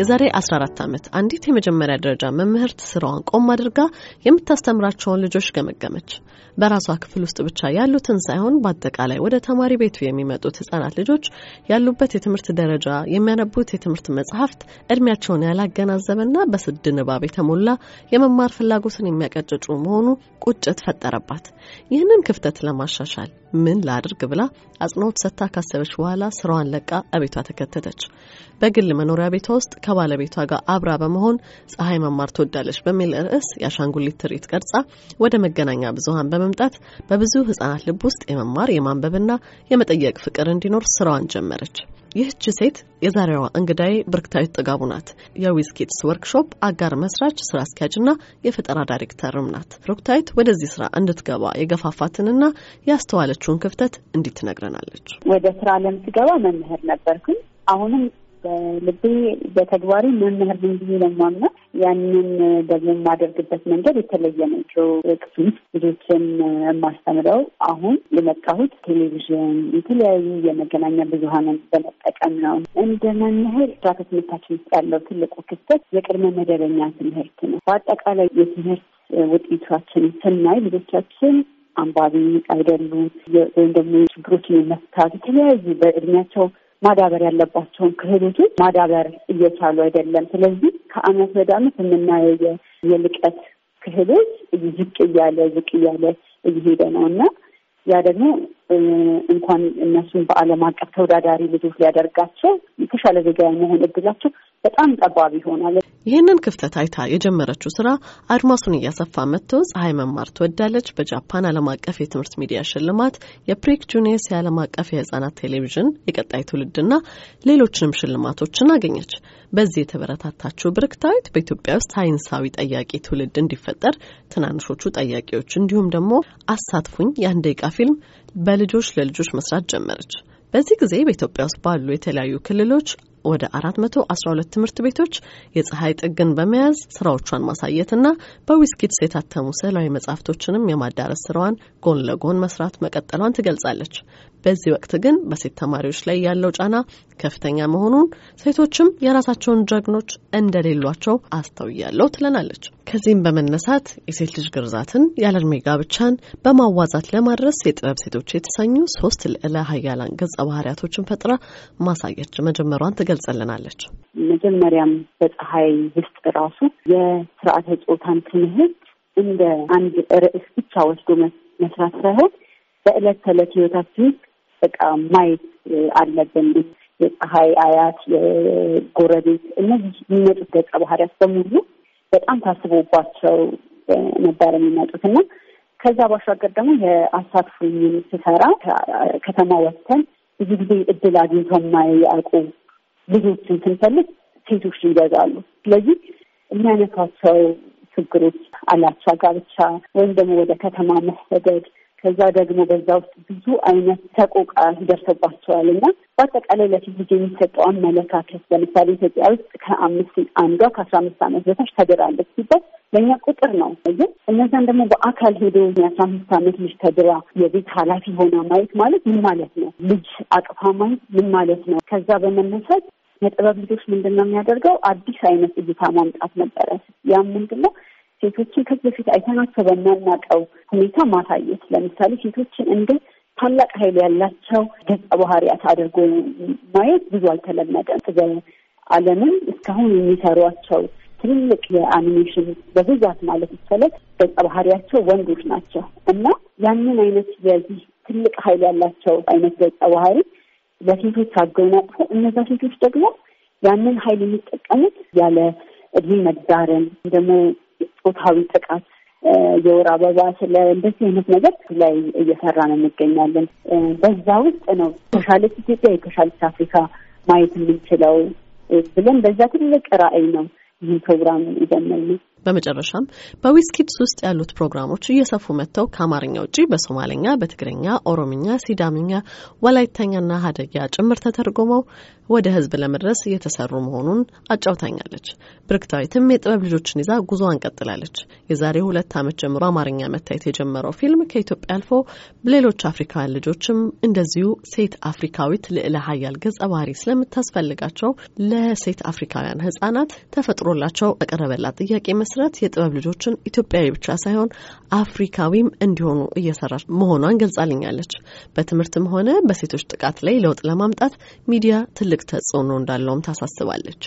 የዛሬ 14 ዓመት አንዲት የመጀመሪያ ደረጃ መምህርት ስራዋን ቆም አድርጋ የምታስተምራቸውን ልጆች ገመገመች። በራሷ ክፍል ውስጥ ብቻ ያሉትን ሳይሆን በአጠቃላይ ወደ ተማሪ ቤቱ የሚመጡት ህጻናት ልጆች ያሉበት የትምህርት ደረጃ፣ የሚያነቡት የትምህርት መጽሐፍት እድሜያቸውን ያላገናዘበና በስድ ንባብ የተሞላ የመማር ፍላጎትን የሚያቀጭጩ መሆኑ ቁጭት ፈጠረባት። ይህንን ክፍተት ለማሻሻል ምን ላድርግ ብላ አጽንኦት ሰጥታ ካሰበች በኋላ ስራዋን ለቃ አቤቷ ተከተተች። በግል መኖሪያ ቤቷ ውስጥ ከባለቤቷ ጋር አብራ በመሆን ፀሐይ መማር ትወዳለች በሚል ርዕስ የአሻንጉሊት ትርኢት ቀርጻ ወደ መገናኛ ብዙኃን በመምጣት በብዙ ህጻናት ልብ ውስጥ የመማር የማንበብና የመጠየቅ ፍቅር እንዲኖር ስራዋን ጀመረች። ይህች ሴት የዛሬዋ እንግዳዬ ብርክታዊት ጥጋቡ ናት። የዊዝኪድስ ወርክሾፕ አጋር መስራች፣ ስራ አስኪያጅና የፈጠራ ዳይሬክተርም ናት። ብርክታዊት ወደዚህ ስራ እንድትገባ የገፋፋትንና ያስተዋለችውን ክፍተት እንዲት ነግረናለች። ወደ ስራ ለምትገባ መምህር ነበርኩኝ። አሁንም በልቤ በተግባሪ መምህር ነኝ ብዬ ነው የማምነው። ያንን ደግሞ የማደርግበት መንገድ የተለየ ነው። ክፍል ልጆችን የማስተምረው አሁን የመጣሁት ቴሌቪዥን፣ የተለያዩ የመገናኛ ብዙሀንን በመጠቀም ነው። እንደ መምህር ስራ ትምህርታችን ውስጥ ያለው ትልቁ ክፍተት የቅድመ መደበኛ ትምህርት ነው። በአጠቃላይ የትምህርት ውጤቷችን ስናይ ልጆቻችን አንባቢ አይደሉም፣ ወይም ደግሞ ችግሮችን የመፍታት የተለያዩ በእድሜያቸው ማዳበር ያለባቸውን ክህሎቶች ማዳበር እየቻሉ አይደለም። ስለዚህ ከአመት ወደ አመት የምናየው የልቀት ክህሎች ዝቅ እያለ ዝቅ እያለ እየሄደ ነው እና ያ ደግሞ እንኳን እነሱን በዓለም አቀፍ ተወዳዳሪ ልጆች ሊያደርጋቸው የተሻለ ዜጋ የመሆን እድላቸው በጣም ጠባብ ይሆናል። ይህንን ክፍተት አይታ የጀመረችው ስራ አድማሱን እያሰፋ መጥቶ ፀሐይ መማር ትወዳለች በጃፓን ዓለም አቀፍ የትምህርት ሚዲያ ሽልማት የፕሬክ ጁኒየስ የዓለም አቀፍ የህጻናት ቴሌቪዥን የቀጣይ ትውልድና ሌሎችንም ሽልማቶችን አገኘች። በዚህ የተበረታታችው ብርክታዊት በኢትዮጵያ ውስጥ ሳይንሳዊ ጠያቂ ትውልድ እንዲፈጠር ትናንሾቹ ጠያቂዎች እንዲሁም ደግሞ አሳትፉኝ የአንድ ደቂቃ ፊልም በልጆች ለልጆች መስራት ጀመረች። በዚህ ጊዜ በኢትዮጵያ ውስጥ ባሉ የተለያዩ ክልሎች ወደ 412 ትምህርት ቤቶች የፀሐይ ጥግን በመያዝ ስራዎቿን ማሳየትና በዊስኪድስ የታተሙ ስዕላዊ መጽሐፍቶችንም የማዳረስ ስራዋን ጎን ለጎን መስራት መቀጠሏን ትገልጻለች። በዚህ ወቅት ግን በሴት ተማሪዎች ላይ ያለው ጫና ከፍተኛ መሆኑን ሴቶችም የራሳቸውን ጀግኖች እንደሌሏቸው አስተውያለሁ ትለናለች። ከዚህም በመነሳት የሴት ልጅ ግርዛትን፣ ያለዕድሜ ጋብቻን በማዋዛት ለማድረስ የጥበብ ሴቶች የተሰኙ ሶስት ልዕለ ሀያላን ገጸ ባህሪያቶችን ፈጥራ ማሳየት መጀመሯን ትገልጸልናለች። መጀመሪያም በፀሐይ ውስጥ ራሱ የስርዓተ ጾታን ትምህርት እንደ አንድ ርዕስ ብቻ ወስዶ መስራት ሳይሆን በዕለት ተዕለት ህይወታችን ውስጥ በቃ ማየት አለብን። የፀሐይ አያት፣ የጎረቤት እነዚህ የሚመጡት ገጸ ባህሪያት በሙሉ በጣም ታስቦባቸው ነበር የሚመጡት እና ከዛ ባሻገር ደግሞ የአሳትፉኝ ስሰራ ከተማ ወጥተን ብዙ ጊዜ እድል አግኝተው የማያውቁ ልጆችን ስንፈልግ ሴቶች ይገዛሉ። ስለዚህ የሚያነሷቸው ችግሮች አላቻ ጋብቻ ወይም ደግሞ ወደ ከተማ መሰደድ ከዛ ደግሞ በዛ ውስጥ ብዙ አይነት ተቆቃ ይደርሰባቸዋል እና በአጠቃላይ ለፊልጅ የሚሰጠው አመለካከት ለምሳሌ ኢትዮጵያ ውስጥ ከአምስት አንዷ ከአስራ አምስት ዓመት በታች ተድራለች ሲባል ለእኛ ቁጥር ነው። ግን እነዛን ደግሞ በአካል ሄዶ የአስራ አምስት ዓመት ልጅ ተድራ የቤት ኃላፊ ሆና ማየት ማለት ምን ማለት ነው? ልጅ አቅፋ ማየት ምን ማለት ነው? ከዛ በመነሳት የጥበብ ልጆች ምንድን ነው የሚያደርገው? አዲስ አይነት እይታ ማምጣት ነበረ። ያም ምንድን ነው ሴቶችን ከዚህ በፊት አይተናቸው በማናውቀው ሁኔታ ማሳየት፣ ለምሳሌ ሴቶችን እንደ ታላቅ ኃይል ያላቸው ገጸ ባህሪያት አድርጎ ማየት ብዙ አልተለመደም። በዓለምም እስካሁን የሚሰሯቸው ትልልቅ የአኒሜሽን በብዛት ማለት ይቻላል ገጸ ባህሪያቸው ወንዶች ናቸው እና ያንን አይነት የዚህ ትልቅ ኃይል ያላቸው አይነት ገጸ ባህሪ ለሴቶች አጎናጥፎ እነዛ ሴቶች ደግሞ ያንን ኃይል የሚጠቀሙት ያለ እድሜ መዳረን ደግሞ ጾታዊ ጥቃት፣ የወር አበባ ስለ እንደዚህ አይነት ነገር ላይ እየሰራን እንገኛለን። በዛ ውስጥ ነው የተሻለች ኢትዮጵያ የተሻለች አፍሪካ ማየት የምንችለው ብለን በዛ ትልቅ ራዕይ ነው ይህን ፕሮግራም ነው። በመጨረሻም በዊስኪድስ ውስጥ ያሉት ፕሮግራሞች እየሰፉ መጥተው ከአማርኛ ውጪ በሶማሌኛ፣ በትግረኛ ኦሮምኛ፣ ሲዳምኛ፣ ወላይተኛና ሀደጊያ ጭምር ተተርጉመው ወደ ህዝብ ለመድረስ እየተሰሩ መሆኑን አጫውታኛለች። ብርክታዊትም የጥበብ ልጆችን ይዛ ጉዞዋን ቀጥላለች። የዛሬ ሁለት ዓመት ጀምሮ በአማርኛ መታየት የጀመረው ፊልም ከኢትዮጵያ አልፎ ሌሎች አፍሪካውያን ልጆችም እንደዚሁ ሴት አፍሪካዊት ልዕለ ሀያል ገጸ ባህሪ ስለምታስፈልጋቸው ለሴት አፍሪካውያን ህጻናት ተፈጥሮላቸው ያቀረበላት ጥያቄ በመስራት የጥበብ ልጆችን ኢትዮጵያዊ ብቻ ሳይሆን አፍሪካዊም እንዲሆኑ እየሰራች መሆኗን ገልጻልኛለች። በትምህርትም ሆነ በሴቶች ጥቃት ላይ ለውጥ ለማምጣት ሚዲያ ትልቅ ተጽዕኖ እንዳለውም ታሳስባለች።